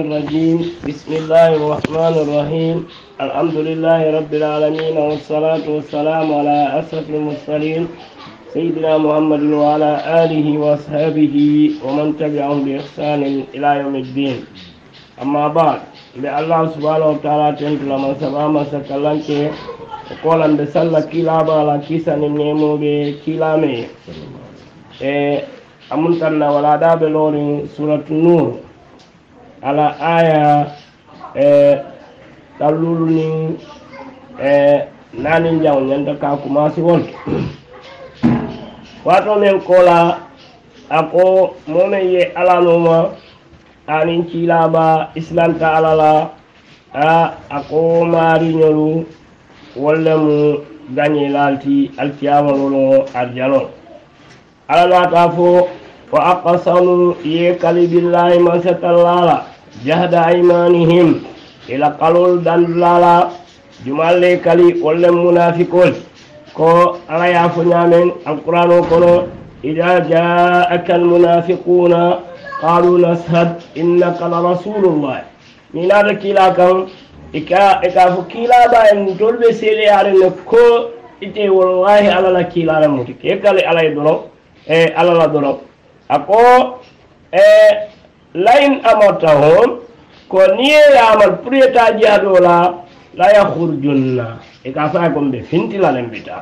الرجيم بسم الله الرحمن الرحيم الحمد لله رب العالمين والصلاة والسلام على أسرف المرسلين سيدنا محمد وعلى آله وصحبه ومن تبعهم بإحسان إلى يوم الدين أما بعد لله سبحانه وتعالى تنتظر لما سبحانه سكالانك وقولا بسلا كلا بالا كيسا نمو بكلا مي إيه، أمنتنا ولا دابلون سورة النور ala aya e eh, ɗalluru nin e eh, nanin jaw ñanta ka commencé won wato men kola ako momen ye alanoma anin cilaba islanta alala a ako mariñolu walla mu gañelalti alkiyamalolo arjano ala nata fo wa aqsamu ye kalibillahi man satallala jahda aymanihim ila kalul dan lala jumalle kali wala munafiqun ko ala ya fu nyamen alquran ko no ida ja'aka almunafiquna qalu nashhad innaka la rasulullah minar kila kam ika ika fu kila ba en dolbe sele ala ne ko ite wallahi ala la kila ala mutike kale ala e dolo e ala la dolo ako e لئن أمرتهم كوني يعمل بريتا جهدولا لا يخرجن إكافاكم بفنتي لالم بيتا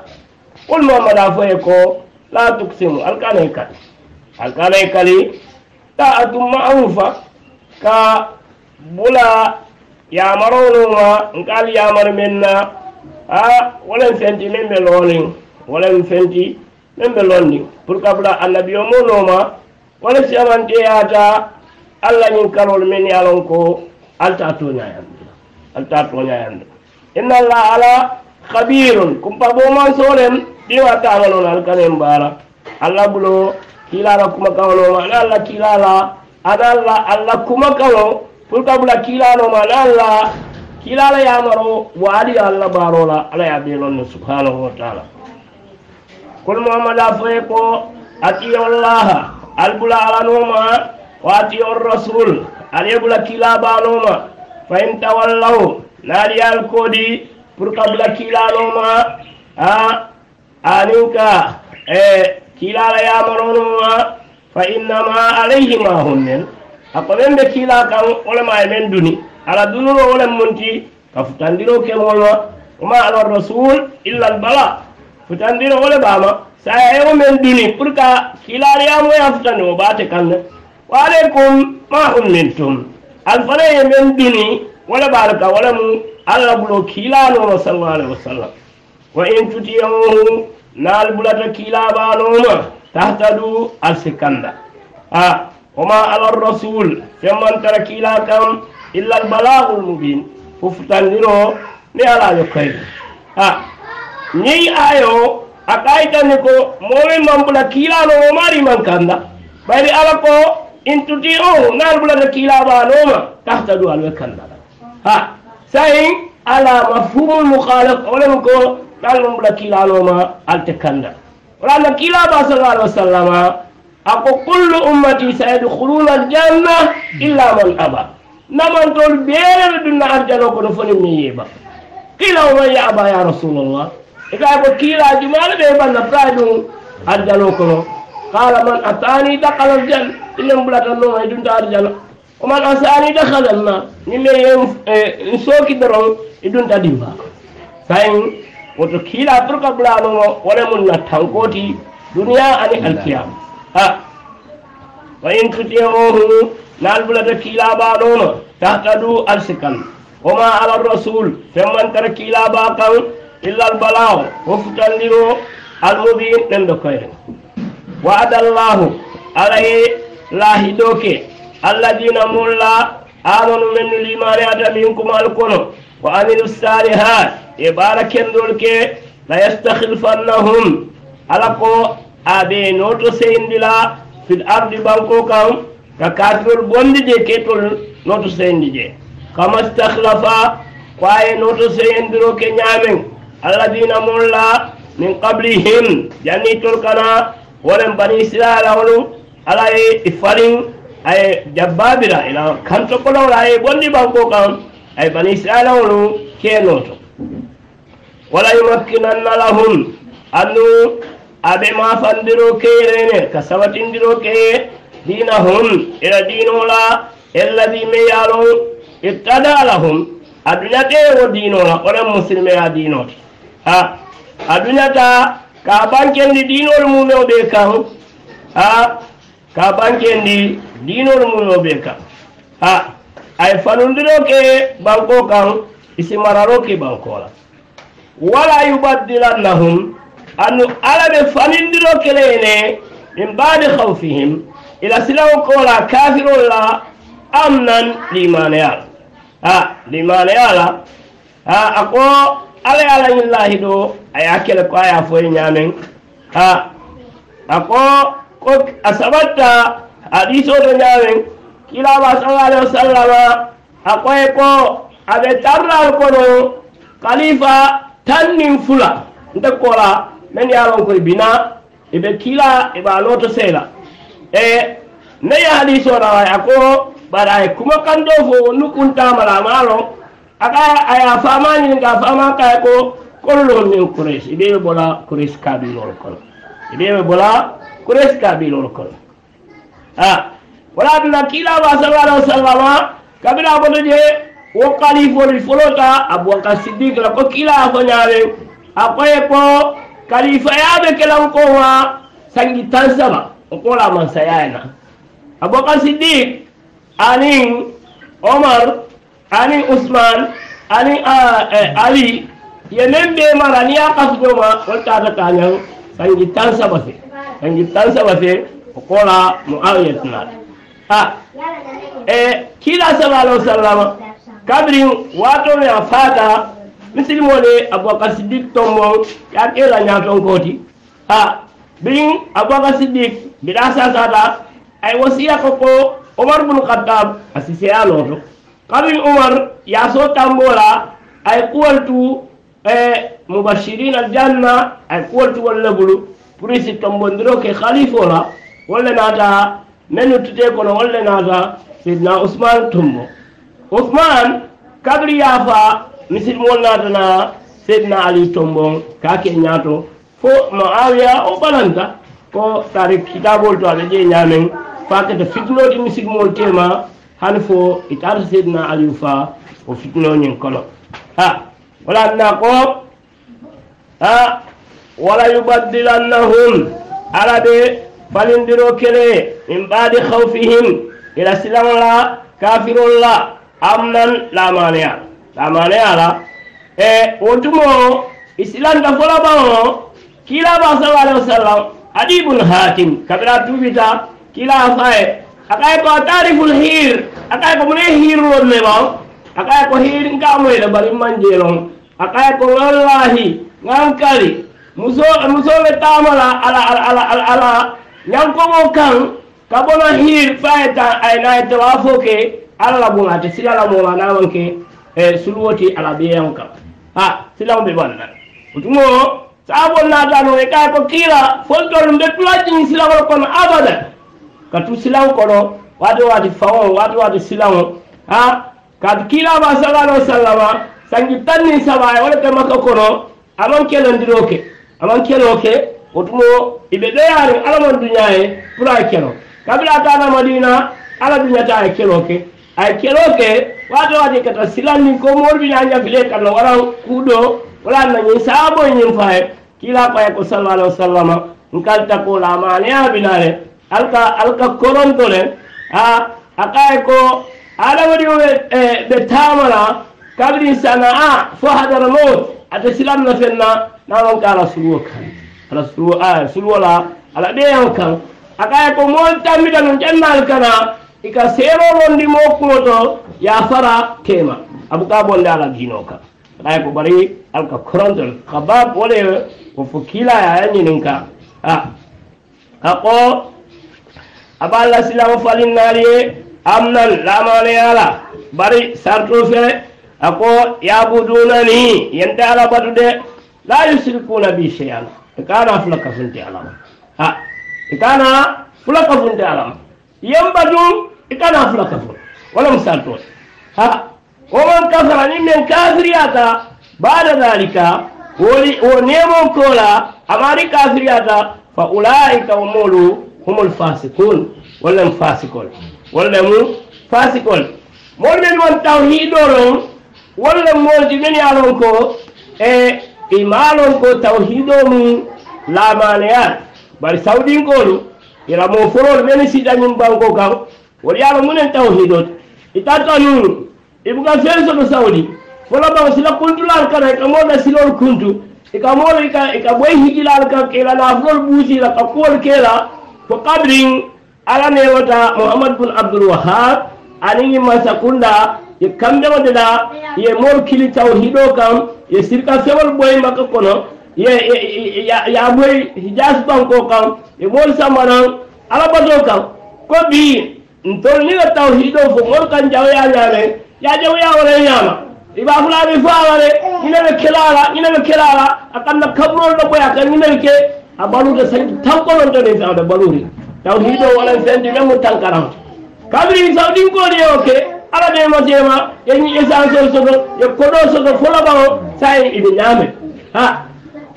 قل ما مدافعكو لا تقسموا الكالي كالي الكالي كالي تاعة معروفة كا بلا يامرونما نقال يامر منا ها آه، ولن فنتي من بلونين ولن فنتي من بلونين بركبلا النبي يومونما ولن سيامن تياتا Allah ñin karol men yalon ko alta to ñayam alta to ñayam inna la ala khabirun kum pa bo man solen bi al kanem bara alla bulo kila ra kuma ka walon ala alla kila ala alla alla kuma ka Pulka pul ka bula kila no ma Allah alla kila la ya maro wa ali alla baro la ala ya belon subhanahu wa ta'ala kul muhammad afreko ati allah al bula ala ma wati or rasul aliya bula kila baano ma fa in tawallaw na aliya alkodi pour ka bula kila no a ha, aniw ka e kila la ya marono ma fa inna ma alayhi ma hunnen a kolen be kila kan wole ma men duni ala dunuro wole munti ka futandiro ke mol ma uma ala rasul illa albala futandiro wole bama saya yo e men duni pour ka kila ya mo ya futandiro wa alaykum ma ummiltum alfana ye men duni wala baal ka wala mu alla bulo kiilaanooma sallallahu alayhi wa sallam wa in tutiyamuhu naal bulata kiilaabaanooma tahtadu al sikkanda a wama ala rasul femman tara kiilaa kam illa al balagul mubin fufutandiro ni alaajo koyde a ñeyi aayo a kayitandi ko momin man bula kiilaanooma maari man kanda ɓayri ala ko إن تطيعوه نال بلا نكيلا بانوما تهتدوا على كندا ها سين على مفهوم المخالف ولا نال بلا كيلا نوما التكندا ولا نكيلا با صلى الله عليه وسلم أكو كل أمتي سيدخلون الجنة إلا من أبى نمن تقول بير بدنا أرجعنا كنا فني ميبا كلا وما يا أبا يا رسول الله إذا أكو كيلا جمال بيبا نفرادون أرجعنا كنا قال من أتاني دخل الجنة إنهم بلاد الله ما يدون تار الجنة ومن أساني دخل النار نمي نسوك درون يدون تديبا فإن وتكيلا ترك بلاد ولمن نتنقوتي دنيا عن القيام ها وإن تتيموه نال بلاد كيلا بانون تهتدو أرسكن وما على الرسول فمن تركيلا باقا إلا البلاغ وفتن لرو المبين نندو كيرن وعد الله عليه لا هدوك الذين مولا آمنوا من الإيمان أدى منكم الكون وعملوا الصالحات يبارك يندولك لا يستخلفنهم ألقوا أبي نوتو سيندلا في الأرض بانكو كام ككاتول بوندي دي كيتول نوتو سيندي دي كما استخلفا كواي نوتو سيندرو كنيامن الذين مولا من قبلهم يعني تلقنا wolen bani israila wolu ala ye i farin aye jabbabira ina kanto kolowla aye ɓolli banko kan aye bani israila wolu kenoto wala yumakkinanna lahum annu aɓe mafandiro keerene ka sabatindiro keye dinahum ira dinola elladi me yalo ittada lahum aduñate wo dinola oɗen musilme ya dinote ha aduñata kaban kendi dinol mume o ɓe kan a kaban kendi dinol mume o ɓe kan a ay fanundiro ke banko kan isimararo ke bankola wala yubaddilannahum anu ala ɓe fanindiro kelene min badi hawfihim ila silawo kola kafirol la amnan limaneyala a limaneyala a ako ala ye ala ñillahi ɗo a ye kele ko a ye fo ye ñaamen ha a ko ko a sabatta hadiso ɗo ñaamen kilaba sallallahu alaihi wasallama a koye ko aɓe tarral kono kalifa tan nin fula nte kola men ye lon koye bina eɓe kila eɓa loto seela e ne ye hadiso ɗawa a ko bara aye kuma kanto fo nukuntamala ma lon aka aya fama ni ga fama ka ko kollo ni kuresh ibe bola kuresh ka bi lor kol ibe bola kuresh ka bi lor kol ha wala dina kila wa sallallahu sallama kabira bolu je wo kalifu ri abu anka siddiq la ko kila ko nyare apoye ko kalifa ya be kala ko wa sangi tansama ko la man sayana abu anka siddiq ani Omar ani usman ani uh, uh, ali yenen ɓe mara ni ya kasudoma wol tata tañan sanji tan saba sangi tan saba fe o kola moawiyatinaɗa a e kiila sallallahu sallama wasallam kabrin watome a fata misilimole aboubacar siddiq tombon ya kela ñaton koti a bin aboubacar siddiq sa sasata ay wasiya ko ko omar bun khattab a siseyanoto kamin umar ya so tambora ay kuwaltu e eh, mubashirina aljanna ay kuwaltu walla bulu pour si tombondiro ke khalifola walla naata nanu tute kono walla naata sidna usman tumbo usman kabri yafa misilmol naatana sidna ali tombon ka ke ñaato fo moawiya o ɓalanta ko taari kitabol to aɓe ƴe ñaamen fakete fitnoti misilmol tema hal fo it ar sidna aliyu fa o fitinoñin kolo ha wala na ko ha wala yubaddilannahum ala ɓe balindiro kele min baadi hawfihim ila silan la kafirol la amnan lamaneya lamaneya la e wo tumo isilanta fola ɓaŋo kiilaba sala alih wa sallam adibun hatim kabira tubita kiila faye akai ko tariful hir akai ko mune hir ron ne ba akai ko hir ka mo da bari manje ron akai ko wallahi ngankali muso muso le tamala ala ala ala ala ala nyam ko mo kan ka bono hir faeta ay na tawafo ke alla buna te sila la mo na wanke e sulwoti ala biyan ka ha sila be banna utumo sabo na dano e ka ko kila fontol mbe tulajin sila ko kono abada ka tu silaŋo kono waati waati faŋo waati waati silaŋo ha kaatu kiilaama sallallahu sallama, wasallama sanji tan niŋ saba ye wo le te maka kono a maŋ kelondiroo ke a maŋ keloo ke wo tumo i be doyaariŋ alla maŋ duñaa ye pour a ye madina alla duñata a kelo keloo ke a ye keloo ke waati waati ka ta silanniŋ ko moolu bi naa ñafile ka na waraŋ kuu doo wala na ñiŋ saaboo ñiŋ fa ye kiilaa ko sallallahu alaihi wasallama nkalta ko la amaaniyaa bi alka alka korontole ha akaye ko adamadiŋo be be taama la sanaa fo hadara mawt ate silam na feŋ na naamaŋ ka ala suluwo kaŋ ala suluwo suluwo la ala ɓeyaŋ kaŋ akaye ko moolu tambita nuŋ jannaalu kana i ka seerorondi moo kuŋo to yafara kema abuka bonde ala diinoo kaŋ akaye ko bari alka koronto kabab wo le ko fo kiila ye a ye ko aba alla silama falin naali ye amnan lamaneyala bari sartu fe ako yabudunani yente ala batu de la yusrikuna bi cheyan e kana fula kafunte alama a e kana fula kafunte alama yen batu e kana fula kafun walam sartose ha woman kafara ni men kafiriyata bada dhalika wo nemon kola amari kafiriyata fa ulaika omolu humul fasikun walla m fasikol walla mu fasikol moolu men won tawhido lon walla moolti men ye a lon ko e ima lon ko tawhido mum lamaneya bari sawɗinkolu ira mo forol men siɗamin banko kan wol yaala munen tawhidot itanta nunu ibuka fen soto sawɗi fola ɓan sila kuntulal kana ika moɗa silol kuntu mo moɗa ika ɓoy hijilal kan ila nafugol ɓuusila ka kuwol kela fo kabrin ala newata mouhamad bun abdoul wahab aniŋ masa kunda ye kambeŋote la ye moolu kili tawhido kaŋ ye sirika feŋolu boyi maka kono ye ya boyi hijas banko kaŋ ye moolu samanaŋ ala bato kaŋ ko bii ntolu niŋ ka tawhido fo moolu kaŋ jawuya ñaame ye jawuya wala ñaama i b'a fula a be fo a la de ñine be kela a la ñine be kela a la a kaŋ na kaburolu la boyi a kaŋ ñine be ke a baluta sanji tan kolonto nin sawda baluti taw hiɗo walan sanji men mo tan karam kabiri sawɗin koɗi e oke ala ɓeemo tema yeñi essence o soto yo koɗo soto folaɓa o sai e en iɓe ñaame ha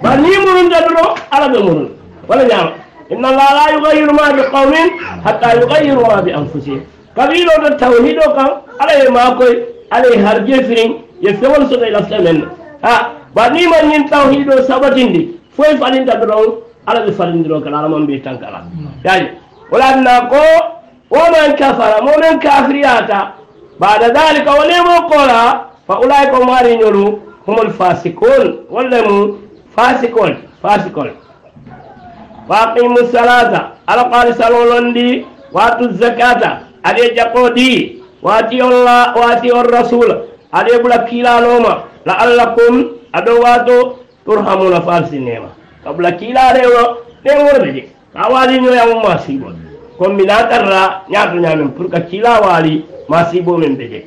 ba ni murunta ɗo ala ɓe murun wala ñaama inna allah la yugayiru ma bi qawmin hatta yugayiru ma bi anfusihim kabiro to tawhiɗo kam ala e makoye ala e harje firin ye fewol soto e lafta men ha ba ni man ñin tawhiɗo sabatindi foye falinta ɗo ɗon ala ɓe falindiro kala ala man ɓe tan kala yaji walanna ko man kafara mo men kafriyata bada dalika walemo kola fa ulai ulaika omo ariñolu humol fasikol walla mu fasikun wa qimu salata ala qali salolondi tu zakata wa aɗe jaɓo ɗi watiyolla watiyon rasula aɗe ɓula kiilanoma la allakum aɗo wato turhamuna falsinema kabla kila lewo lewo reje awali nyo ya umma sibo kon mina tarra nyaatu nyamen pour ka kila wali masibo men beje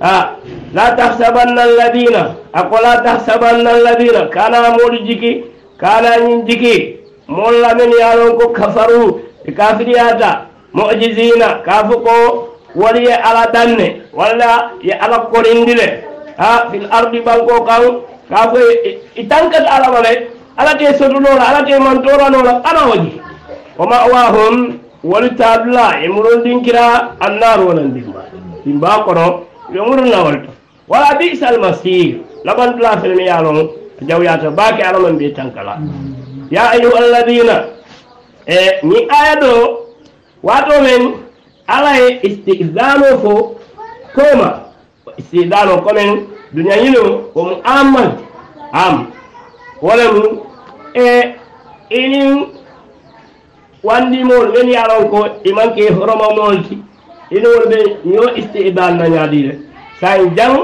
ha la tahsabanna alladina akola tahsabanna alladina kana modu jiki kana nyin jiki molla men yalon ko kafaru kafiriyata mu'jizina kafu ko wali ye ala danne walla ye ala korindile ha fil ardi banko kan kafu itankat ala wale ala te sodulo la ala te mantoro no la ana waji wa ma wahum wal tabla imrul dinkira annar wal dinba dinba koro yo ngur na lah wal wa bi sal masir la ban la fel mi yalo jaw ya to baki ala man bi tankala ya ayu alladina e eh, ni ayado wato men ala e istizamu fo koma istizamu komen dunya yino ko mu um amal am wala mu e inin wandimol wen yaron ko imanke horomamolti inol ɓe ño istidal nañaɗire san jang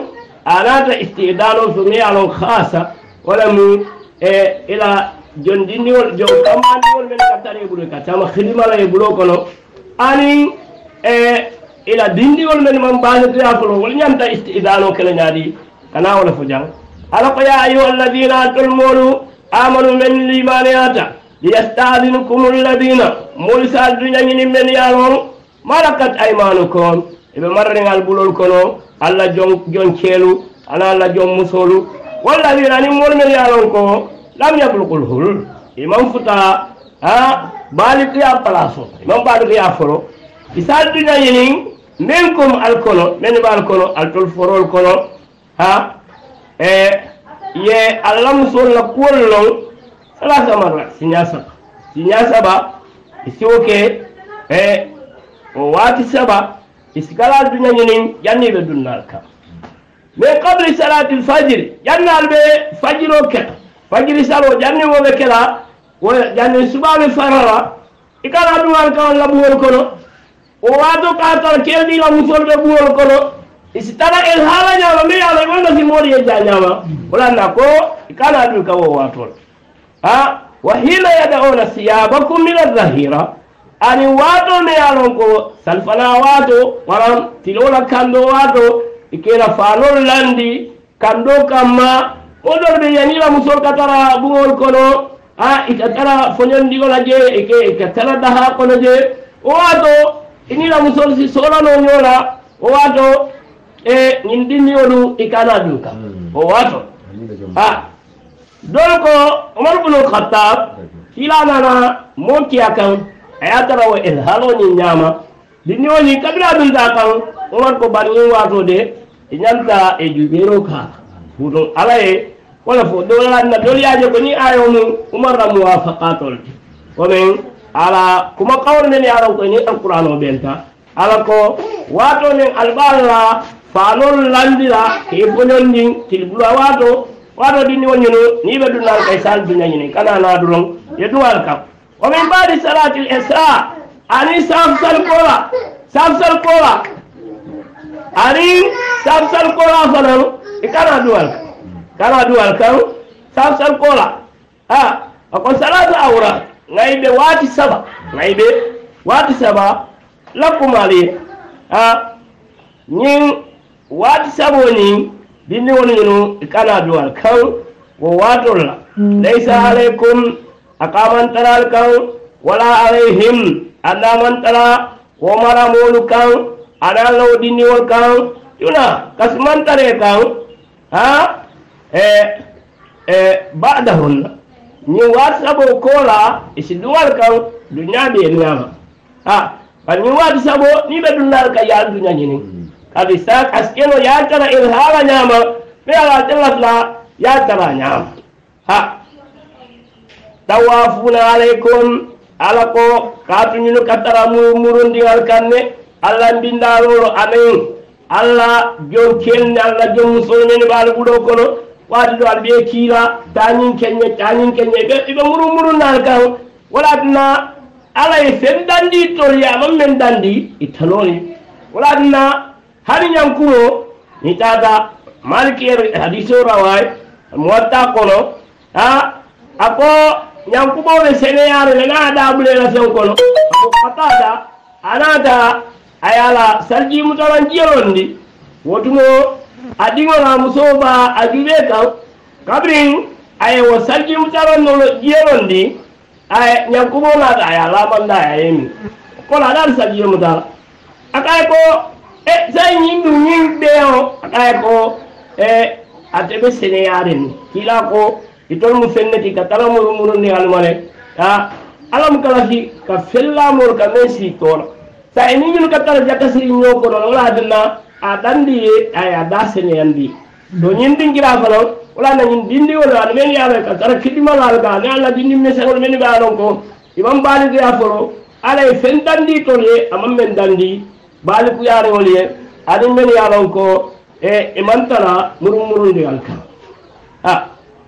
anata istidal o so mi yalon hasa wala mu e ila jondinniwol jom kammandiwol men kattara e ɓuuro kattama hidimala e ɓuuro kono anin e ila dindiwol men man basetiya folo wol ñanta istidal o kele ñaadi kana wala fo jang ala ko ya ayuha alladina tolmolu amanu men limaneyata liyastadinukum alladina molisa ni men yalon marakat aymanukum eɓe ngal bulol kono allah jon jon ceelu ana allah jon musolu walladina ni mol men yalon ko lam yablukul hul iman futa ha baalikiya Palaso, o iman baalikiya folo isal duñañinin men kom alkono forol kono ha eh, ye alamuso la kuwol loŋ salasa marra siña saba siña saba isiwo ke e eh, o waati saba isikala duña ñinin janni ɓe dunnal kam mais qabli salati lfajiri jannal ɓe fajiro keta fajiri salo janni wo ɓe kela wo janni subaɓe farara ikala duwal kawon labuwol kono o waato ka tara kelɗi la musol ɓe ɓuwol kono isitara ilhala nyama mi ala wanda himori ya nyama wala nako ikala duka wa watul ha wa ya yad'una siyabakum min adh-dhahira ani wato ne alonko salfana wato waram tilola kando wato ikela fanol landi kando kama odor be yanila musol katara bungol kono ha ah, ikatara fonyondi que je ike ikatara daha kono je wato la musol si sola no nyola wato e ñin ɗinniolu i kana ɗum ka o wato a donc omar bnu lhatab hila nana mo kiya kan a ya tara wo ilhaloñin ñama ɗinnioli kabila ɗum ta kan omar ko bar ñin wato de e ñanta e juɓero ka futon ala ye wala fo ɗolanna ɗolyaje ko ni ayo mum umar ra muwafaqatol komin ala kuma kawrnen yaron ko ni alqouran o ɓenta ala ko wato nen alɓalla falol landira e bonon ni til bula wado wado dinni wonni no ni be dunna kay sal dunna ni kana na duron ye duwal kam o min badi salatil isra ani samsal kola samsal kola ani samsal kola falol e kana duwal kana duwal kam samsal kola ha o ko salatu awra ngaybe wati saba ngaybe wati saba lakumali ha nying waati saboo niŋ bindiŋolu ñunu i ka naa duwaal kaŋ wo la hmm. laysa alaykum a ka maŋ wala alayhim alla maŋ tara wo maramoolu kaŋ ana la wo dindiŋolu kaŋ tuna kasi maŋ taree kaŋ ha e, e, badahun la ñiŋ waati saboo koo la i si duwaal kaŋ duñaa ni niŋ a ma ha bari kan ni waati saboo niŋ be dunnaalu ka yaal duña hmm. hadiistaas askilo yaa jara ilhaala ñaama mealaatilasla yaa jara ñaama ha tawafuna alaikum ala ko kaatuñinu katara murundiŋal kanne allah mbindaaroro amen allah jom kenne allah jom musoñeni ɓaali ɓuɗo kono waati ɗo aɗa ɓe kiila tañin keñe tañin keñe ɓe ɓe murun murunnal kan walatina ala e sen dandi toriyama men dandi ittanoni walatina hari ñankuno ni tata malikiyar hadiso rawai muwatta kono a ako ñankuɓoɓe seneyare le na daɓulela fen kono ako patata anata ayala sarjimutoran jiyelondi wotumo a ɗiŋona muso ba a juɓe kan kabrin aye wo sarjimutaranolo jiyelondi aye ñankuɓo nata aya lamanda aya yemi kono aɗaɗa sarjiyomutala akaye ko Eh, zanyi nuni beo ako eh, eh atebe sene yarin kila ko itol mu fenne ti katala ha, mu munon ni almane ha alam kala fi ka fella mur ka mesi tor ta eni min katala jaka si nyoko do la dinna a dandi e ay a da sene yandi do nyin din gira falo wala na nyin din di wala men ya be ka tara kidima la ga ne ala din min se wala men ba lon ko imam bali gira ya falo ala e fen dandi tor e amam men dandi baali kuyaare wol ye adi men ye a lon ko e imantana murumurundiyal kan a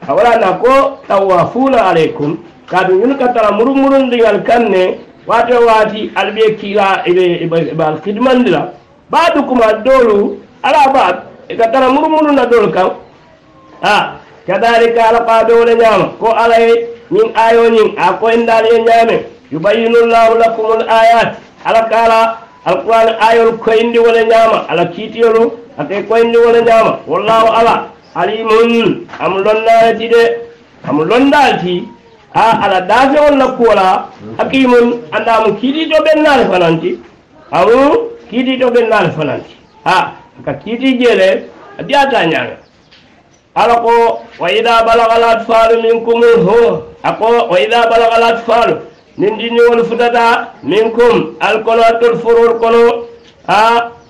a wala na ko tawafuna alaykum kaatu ñun katara murumurundiyal kan ne waate waati ala ɓe kiila ɓal kidmandi la baadu kuma doolu ala baat katara murumurunda doolu kan a kadalika ala paadowole ñaama ko alaye ñin ayo ñin a koyndaali e ñaame yubayinullahu lakum l ayat ala kaala alqur'an ayol koyndi wala ñaama ala kiitiyolu ate koyndi wala ñaama wallahu ala alimun am lonnaale de am londaal a ala daafewol la kuwola hakimun andaamu kiitiito ɓennaale fananti amu kiitiito ɓennaale fananti ha ka kiiti jeele a diyata ñaame ala ko wa ida balaga latfalu minkumul ho a wa ida balaga latfalu nindiñowol futata minkum alkono attol foror kono a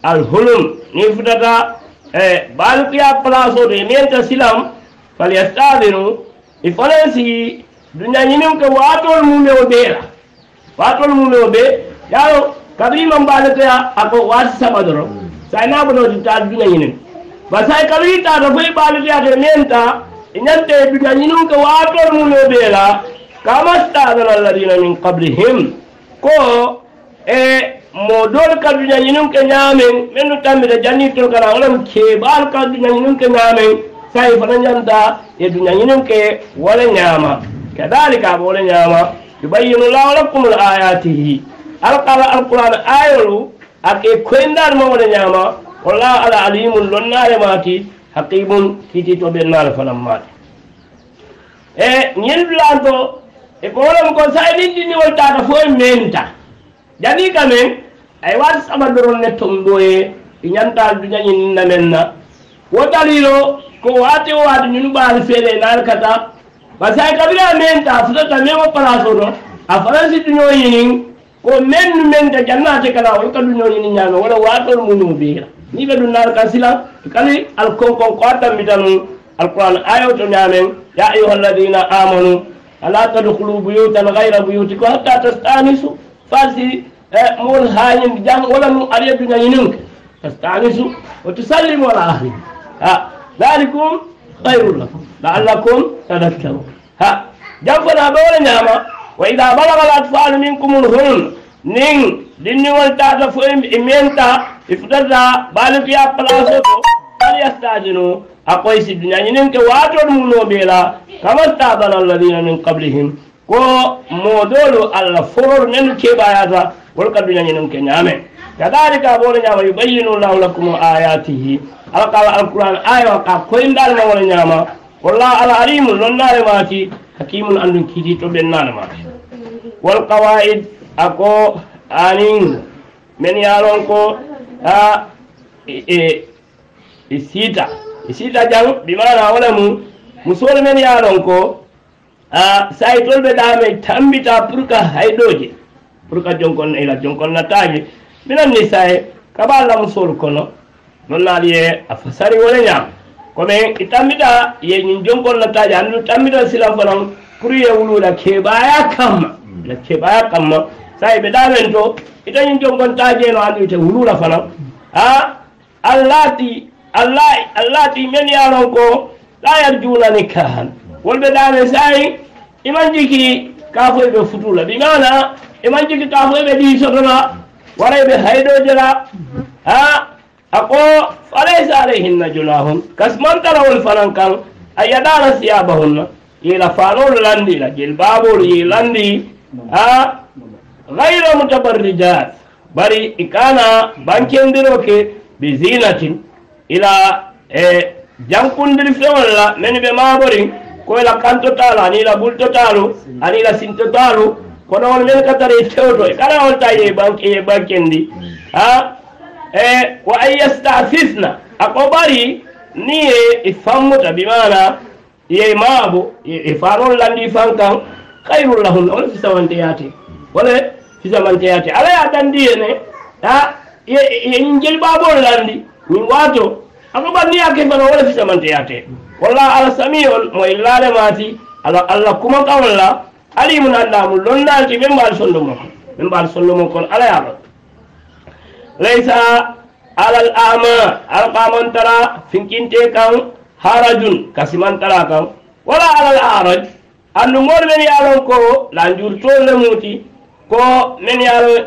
alhulum ni futata e baalukuya place o to men ta silam falyastadinu i fanan sigi duñañinin ke waatol mume o ɓeela waatol mume o ɓee yaaro kabirimam baalotoya ako waati saba doro sa ina bonoti ta duñañinin ba sai kabiri tata foyi baalotoya to men ta i ñante duñañinin ke waatol mume o ɓeela kama stadal alladina min qablihim ko e mo dool kadduñañinum ke ñaamen min nu tammita jannirtol kana olem keɓaal kadduñañinum ke ñaamen sayi fana ñanta e duñañinum ke wole ñaama kadalika ɓoole ñaama yubayinu llahu lakum l ayatihi alqala alquran ayolu ake koyndan ma wole ñaama e wallahu ala alimum lonnaare maati haqimum kiiti to ɓennaale fanan maati e ñin dulan to e ko wolem ko sa eɗin ɗiniwol tata fo e menta jani ka men ay wat sama doron ne tomboye i ñantal duñañinna men na wo dalilo ko waate o waade ñun ɓaali feele naal kata par ce que ay kabira menta futata men o place o ɗo a faransi duño yinin ko men nu menta jannate kala wol ka duño yini ñaame wala waatol muñum beera ni ɓe ɗum naal kan sila kali alkonkon ko attambita num alquran ayo to ñaamen ya ayuha amanu ألا تدخلوا بيوتا غير بيوتكم حتى تستأنسوا فاسي آه، مول هاين جام ولا مو أريد أن ينك تستأنسوا وتسلموا على أهلهم ها ذلكم خير لكم لعلكم تذكرون ها جام فلا بولا نعمة وإذا بلغ الأطفال منكم الهن نين لني ولتا دفو إمينتا إفتدى بالك يا بلاسكو فليستاجنوا أقوي سيدنا ينين كواتر منو بلا كما تاب على الذين من قبلهم كو مودولو الله فرور نن كباياتا ولقد ينين كنامه كذلك أقول نعم يبين الله لكم آياته ألقى القرآن آية وقع كوين دار ما ولا نعم والله على عليم لنا ماتي حكيم أن كيدي تبين ماتي والقواعد أكو آنين من يالونكو آه، آ إيه إيه إيه isita jang bimana walamu musole men ya lon ko a saytol ɓe ɗame tambita pour que hayɗoje pour que jonkonna ila jonkonnataje minan ni saye kaɓa lamusol kono non naali ye a fasari wole ñam komin i tambita ye ñin jonkonnataje andu tambita silan fanan pour ye wulula keɓaya kamma ila keɓaya kamma sayi ɓe ɗamen to ita ñin jonkontaje no andu ite wulula fanan a allati الله التي من يرونكو لا يرجون نكاحا والبدان ساي إمان جيكي كافوي بفتولة بمعنى إمان جيكي كافوي بدي سرنا وراي بهيدو جرا ها أقو فليس عليهن غير متبرجات بري إكانا بانكين دروكي بزينة ila e eh, jankundiri feŋol la mennu be maaboriŋ ko ila kanto taalu aniŋ ila bulto taalu aniŋ ila sinto taalu kono wol men ka tara i tewo to kana wol ta ye yei bankendi a e eh, wa an yastafisna a ko bari niŋ ye i fammuta bimaana ye maabu i faanol landi faŋ kaŋ hayrun lahunna wole fisamanteyaate wole fisamanteyaate ala ye a dandi ye ne a ye njeli baabol landi ñiŋ waatoo a ko bari niŋ ye a ke fana wo le fisamanteya te walla ala samiyol moyi laale maati ala alla kumakaŋol la ali mun annaamu lonnaal ti meŋ baal sondomo meŋ baal sondomo kono ala ye a loŋ laysa ala al ama alqamantara finkinte kaŋ harajun kasimantara kaŋ wala ala al araj andu moolu men ye a loŋ ko lanjurutoolu le muuti ko men ye a loŋ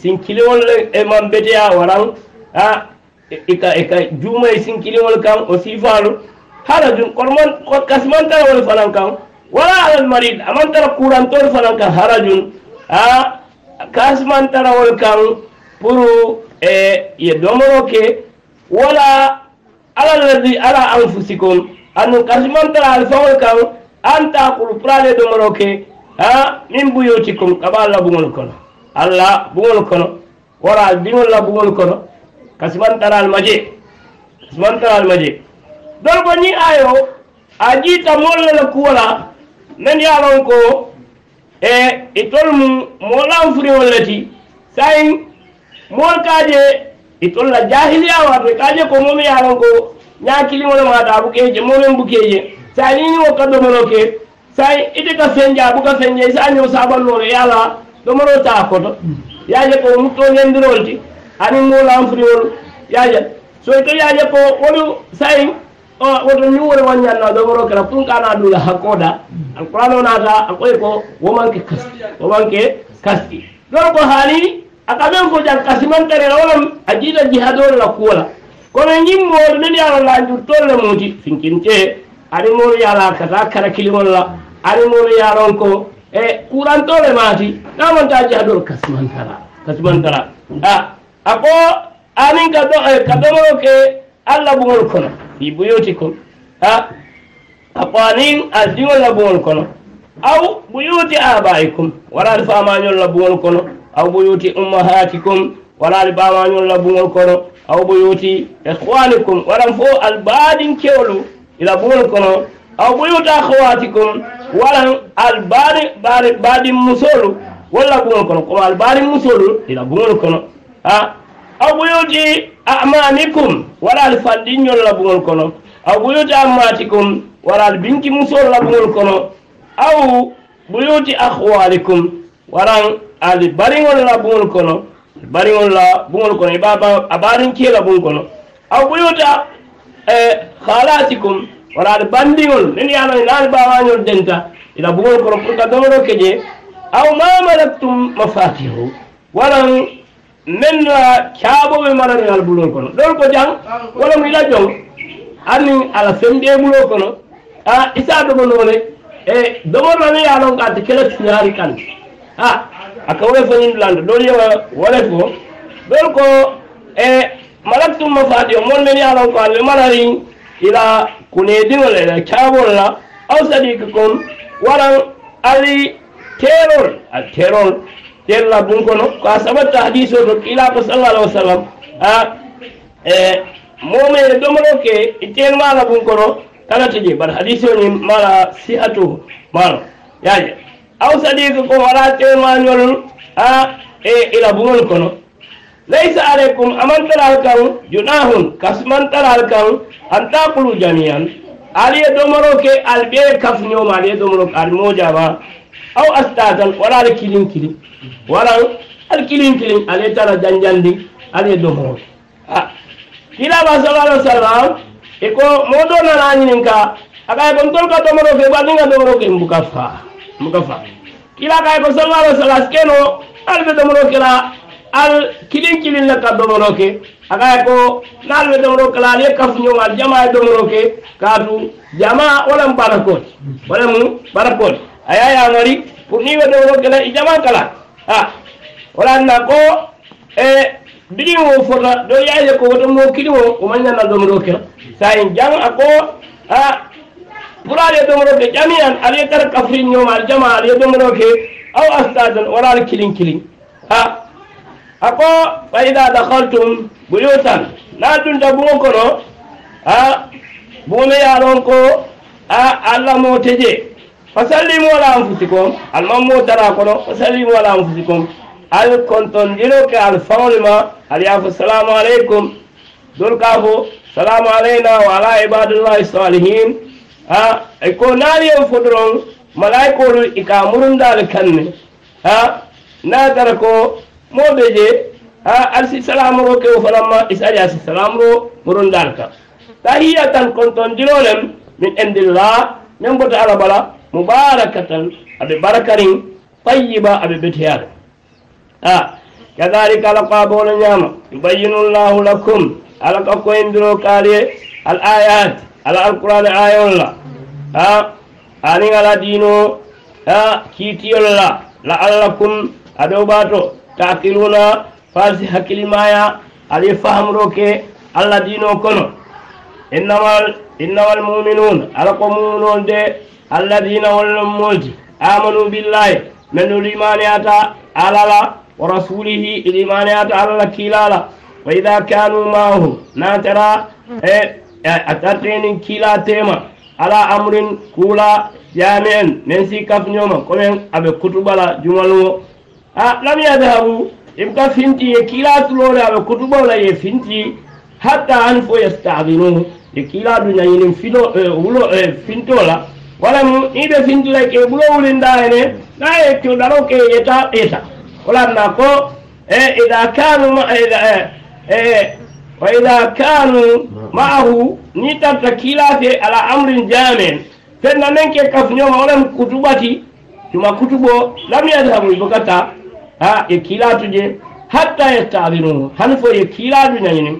sinkiliwolu le maŋ beteya waraŋ Ah, ika ika juma isin kiliŋol kaŋ o siifaalu hala dun kasman kasimantara wol fanaŋ kaŋ wala alal marid amantara kurantol fanaŋ kaŋ hala Ah kasman kasimantara wol kaŋ puru e ye domoro ke wala alaladi ala anfusikum anun kasimantara alfaŋol kaŋ an anta pour prale domoro ke a min buyutikum kaba alla buŋol kono alla buŋol kono wala diŋol la buŋol kono kasiman taral maje kasiman taral maje do ko ni ayo aji ta mol la kuwala nan ya lon ko e itol mu mola furi wallati sai mol kaje itol la jahiliya wa be kaje ko mom ya lon ko nya kili mo ma da buke je mom en buke je sai ni ni o kado mo lo ke sai ide ka senja bu ka senje sai anyo sabal lo yala do mo ta hani mola amfriol yaja so ito yaja ko wolu sai woto ñiŋ wo le waŋ ñaŋ na pour ka naa dula hakoda da alqur'ano naata a ko wo maŋ ke kasi wo maŋ ke kasi ko haali a ka meŋ fo jaŋ kasimantere la wo lem a jiita jihadoo la kuwo la kono ñiŋ moolu minnu ye a la laanjur tolu muuti finkintee aniŋ moolu ye la kara kilimolu la aniŋ mo ye ko e le maati naa maŋ taa kasman le kasimantara kasimantara ah a ko amin ka ɗo eh, ka ɗomoro ke allah ɓugol kono fi buyuti kum a a ko anin a diŋol labugol kono aw buyuti abayi kum walaali famañol labugol kono aw buyuti ummahati kum walaali bamañol labugol kono aw buyuti ihwani kum walan fo albaadin kewlu ila bugol kono aw buyuti ahwati kum walan albaari baari baadin musolu wolla bugol kono koma albaari musolu ila bugol kono aw buyuti amanikum wala al fandiñol labuŋol kono aw amatikum ammatikum wala al binki musol labuŋol kono aw buyuti akhwalikum waran ali bariŋol la kono bariŋol la kono iba a baariŋkee la kono aw buyuta halatikum wala ali bandiŋol nin ye loŋ naani baawañol denta ila buŋol kono pour ka domoro ke ma malaktum mafatihu walaŋ menna caaɓoɓe mbaɗani ala bulol kono ɗon ko jang wala mo la jong Ani ala semɗe ɓulo kono a isa dogonole e domorane yalon ka te kela sinari kan ha aka wole fanindulande ɗon yewa walet ko ɗon ko e malak tumma fati o mon men yalon ko alle mbaɗani ila kunediŋol ila caaɓol la aw sadiqa kon waran ali terol al terol tella bun kono ko a sabatta hadise o to kiila ko sallah alih wa sallam a e momene domoro ke iten mala bun kono kala tiji bar hadise o ni mala sihatu mala yaje aw sadiqe ko wala temañol a e ila bugol kono laysa aleykum amantaral kan junahun kasmantaral kan an taqulu jamian aliye domoro ke alɓe kafñoma aliye domoro ke almojama aw astatan wala ala kilin kilin wala ala kilin kilin ale tara janjandi ale domoro a kilaba sallallahu alaihi wasallam iko modo na nani ka akay ko tol ka domoro fe badi nga domoro ke mbuka fa mbuka fa kila kay ko sallallahu alaihi wasallam keno albe domoro kila al kilin kilin la ka domoro ke akay ko nalbe domoro kala le kaf nyoma jama domoro ke katu jama wala mbarakot wala mu barakot a ya aya mari pour ni wedoro kela i jama kala a walanna ko e digi wo fota do yaye ko woto mo kili wo o mañanal domiro kela sa in jang a ko a pulaade domiro ke jamiyan alaye tara kafrin ñoma al jama alaye domiro ke aw astadan wala kilin kilin ha a ko fa ida dahaltum buyutan na dunta buŋo kono a buŋo me yaron ko a allah mo teje fasallimu ala anfusikum almammo dara kono fasallimu ala anfusikum al kontondiro ke al fawlima ali yafo salamu aleykum dol ka fo salamu alayna wa ala ibadillahi salihin a ko naaniyo fo doron malaikolu i ka murundal kanne a na tara ko moɓe je a alsi salamuro kewo fanamma isari asi salamuro murundal ka tahiyatan kontondiro lem min indillah min bota ala bala مباركة أبي بركرين طيبة أبي بتيار آه كذلك لقابون نعمة يبين الله لكم ألقى كوين درو كاري الآيات على القرآن آية الله آه أني على دينو آه كيتي الله لعلكم أدوباتو تعقلون فاسح كلمايا علي فهم روكي الله دينو كنو إنما إنما المؤمنون ألقى مؤمنون دي alladina wollommoji amanu billahi nanno limaneyata alala wa rasulihi limaneyata alala kilala wa ida kanu mahu natara e atattenin kila tema ala amrin kula jami'en nen si kafñoma komin aɓe kutubala jumal ngo a lam yadhabu ibka finti ye kila tulore aɓe kutubala ye finti hatta an fo yastadinuhu ye kila du ñañinin fino wulo fintola walamu iɓe sintulay ke ɓulo wulinda hene na ye codaro ke yeta yeta walanna ko e ida kanu wa ida kanu ma'ahu ni tarta kilate ala amrin jamen fenna nen ke kafñoma walan kutuɓati tuma kutuɓo lam yadhabu ibokata ha e kilatuje hatta yestadinuhu han e ye kilatu ñañini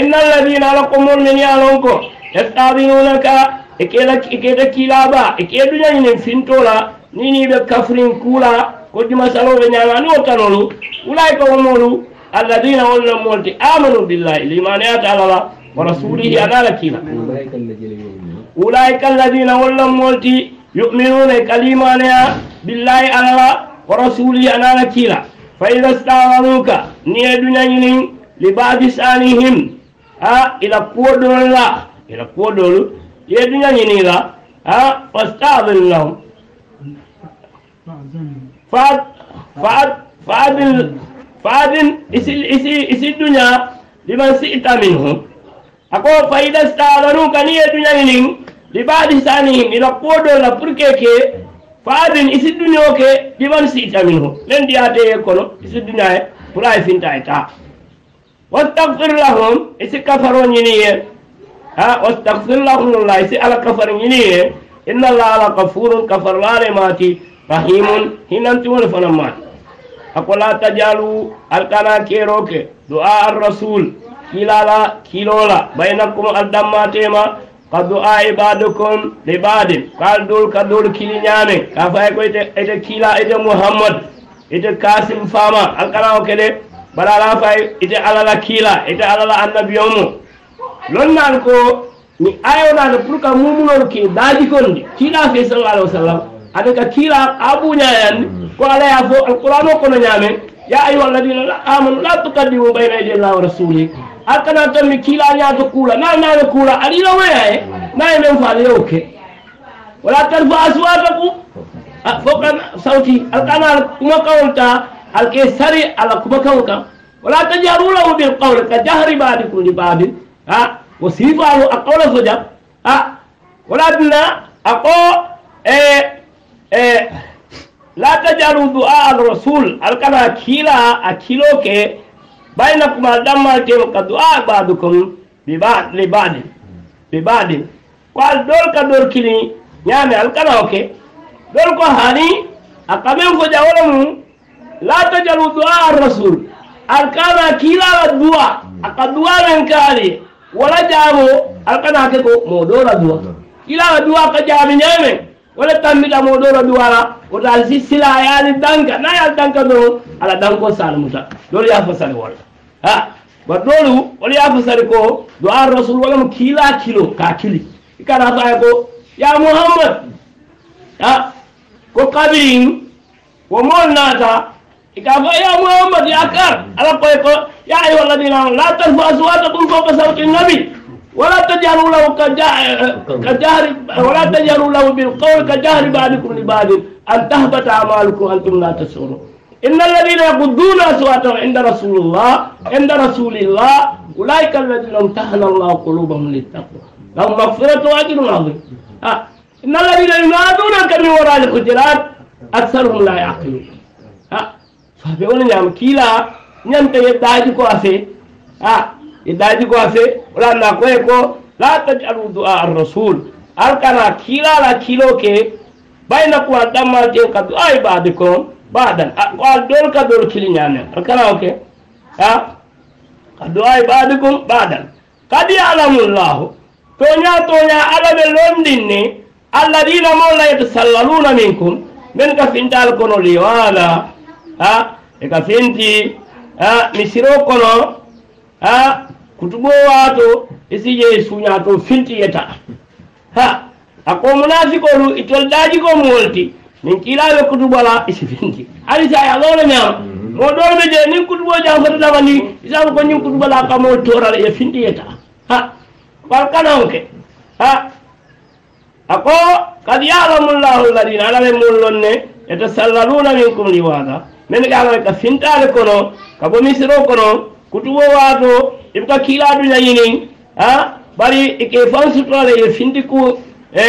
inna alladina ala ko molmeni alon ko yestadinunaka ekeda kilaba ekedu janine fintola nini be kafrin kula koddi masaloɓe ñaga ni o tanolu wulay ko womolu alladina wonno molti amanu billahi limaneyata alala wa rasulihi anala kila ulaika alladina wonno molti yuminuna kalimaneya billahi alala wa rasulihi anala kila fa ida stawanuka niye duñañinin li badi sanihim a ila kuwo dolola ila kuwo يدنا ينيرا ها واستأذن لهم فاد فاد فاد فاد إسي الدنيا لمن سئت منهم أقول فإذا استأذنوك نية الدنيا ينين لبعض ثانيهم إلى قود ولا بركك فاد إسي الدنيا كي لمن سئت منهم لن دياتي يكونوا إسي الدنيا فراي فين تايتا واستغفر لهم إسي كفرون ينيه ha wastakfirlahumllah si ala kafar ñini ye inna llah ala gafurun kafar laale maati rahimun hinantiŋole fana maati a ko la tajalu alkana kero ke du'a alrasul kilala kilola baynakum al dammatema ka du'a ibadukum libadin kal dol ka dol kili ñame ka faye ko ite kila ite muhammad ite kasim fama alkanao ke de baɗa la faye ite alala kila ite alala annabiyomu lonnaan ko mi ayoɗaade pour que mumunol ki daaji konndi kiiɗaa fe sallah alih wa sallam ade ka kiilaa a ɓuuñayandi ko alaya fo alqouran o kono ñaamen ya ayuha alladina amanu la tuqaddimu bayna idi llah wa rasulih alkana tan mi kiilaa ñaato kuula naa naano kuula aɗa ila woya e naa e men faala yewke wala tarfa aswatakum fofka sawti alkana al kuma kawol ta alke sari ala kuma kawl kam wala tajaru lahu bilqawl ka jahri baadikum li baadin Ah, wasifahu aqawla zojam walakinna aqo la tajalu du'a al-rasul alkana akila akilo ke bainakum adamaltem ka du'a ba'dukum li ba'di li ba'di ko al dol ka dol kini ñaame alkana o oke. dol ko hani a kamen fo jawolo mum la tajalu du'a al-rasul alkana kila, la du'a aka du'a men kaali wala jaamo alkana ke ko mo doora duwa ila duwa ka jaami nyame wala tambita mo doora duwa la o dal si sila yaani danka na yaal danka do ala danko sal muta do ya fa sal wala ha ba do lu o ya fa sal ko duwa rasul wala mo kila kilo ka kili ikara ta ya ko ya muhammad ha ko kabirin wo mo nata ikaba ya muhammad ya kar ala ko ya ko يا أيها الذين آمنوا لا ترفعوا أصواتكم فوق صوت النبي ولا تجهروا له كجهر ولا تجهروا له بالقول كجهر بعضكم لبعض أن تهبط أعمالكم أنتم لا تشعرون إن الذين يغضون أصواتهم عند رسول الله عند رسول الله أولئك الذين امتحن الله قلوبهم للتقوى لهم مغفرة وأجر عظيم آه. إن الذين ينادونك من وراء الحجرات أكثرهم لا يعقلون آه. فبيقول لهم كلا ñanta yeddaaji ko ase a yeddaaji ko ase olanna koye ko la tajalu dua arrasul alkana kiilala kiilo ke baynakum a ɗammal ten ka du'ai badikum badan ko al dol ka dol kiliñamen alkana oke a ka du'ai badikum badan kad yalamu llahu toña toña ala ɓe londin ni alladina mawla yetasallaluna minkum min ka fintal kono liwala a e ka finti a misiro kono a kutubo wato isije suñato filtiyeta ha ako munafikolu itol daji ko mo wolti min kiilaɓe kutubala isi finti ari sa ya lowle mi am mhm. mo ɗolɓe je nin kutuboji am fototama ni isama ko nin kutubala kamo torala ye fintiyeta ha bar kanonke ha ako kad yalamu llahu alladina alame mun lon ne yetasallaluna minkum liwada memi ɗamana ka sintale kono ka bo misiro kono kutubo wato ibuka kiladuña yinin a bari ike fan ye finti ku e,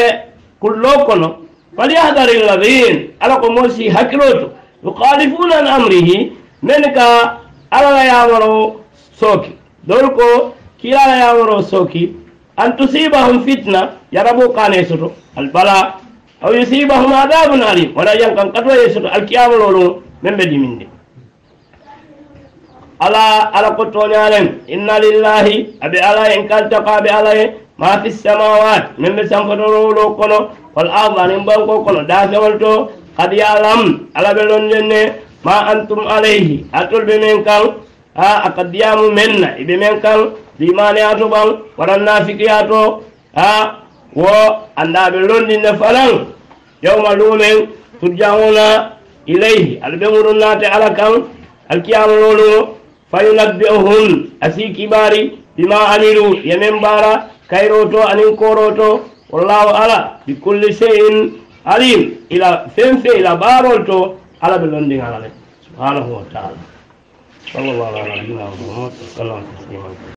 kullo kono falyahdari lladin ala ko mool si hakkiloto an amrihi men ka alala yamaro sooki dolu ko kilala yamaro sooki an tusibahum fitna yarabo kane soto albala aw yusibahum adabun alim wona jan kan katoye soto alkiyama lolon min ɓe jiminde ala ala ko toñalen inna lillahi aɓe ala en kaltako aɓe ala e ma fi samawat min ɓe sanfotorowɗo kono wal ard anin banko kono dasewol to kad yalam ala ɓe lonjenne ma antum alayhi atolɓe men kan ha akaddiyamu menna iɓe men kan limane ato ɓan waɗan nafiki ato ha wo anda ɓe londinde falan yawma lumen turjaona ilayhi ala ɓe ŋuru naate ala kan alkiyamalolo fayunabbi'uhum asi kibari bima amilu yemen bara kayroto anin koroto wallahu ala bi kulli shay'in alim ila fenfe ila barol to ala ɓe londi ala le subhanahu wa taala sallallahu ala nabina muhammad wa sallam taslima